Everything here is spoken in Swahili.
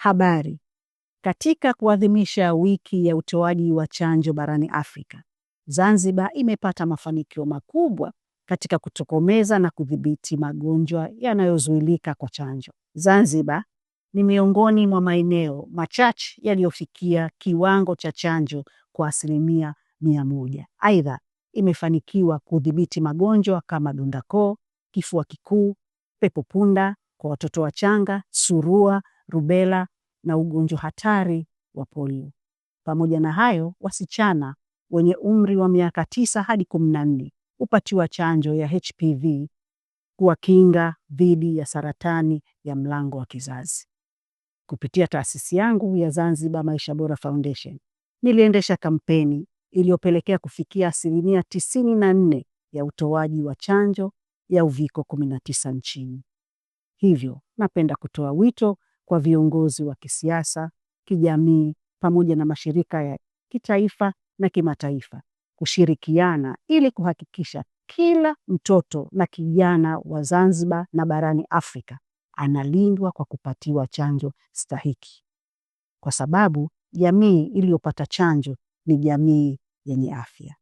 habari. Katika kuadhimisha wiki ya utoaji wa chanjo barani Afrika, Zanzibar imepata mafanikio makubwa katika kutokomeza na kudhibiti magonjwa yanayozuilika kwa chanjo. Zanzibar ni miongoni mwa maeneo machache yaliyofikia kiwango cha chanjo kwa asilimia mia moja. Aidha, imefanikiwa kudhibiti magonjwa kama dundakoo, kifua kikuu, pepo punda kwa watoto wachanga, surua rubela na ugonjwa hatari wa polio. Pamoja na hayo, wasichana wenye umri wa miaka tisa hadi kumi na nne hupatiwa chanjo ya HPV kuwakinga dhidi ya saratani ya mlango wa kizazi. Kupitia taasisi yangu ya Zanzibar Maisha Bora Foundation, niliendesha kampeni iliyopelekea kufikia asilimia tisini na nne ya utoaji wa chanjo ya uviko 19 nchini. Hivyo, napenda kutoa wito kwa viongozi wa kisiasa, kijamii pamoja na mashirika ya kitaifa na kimataifa kushirikiana ili kuhakikisha kila mtoto na kijana wa Zanzibar na barani Afrika analindwa kwa kupatiwa chanjo stahiki, kwa sababu jamii iliyopata chanjo ni jamii yenye afya.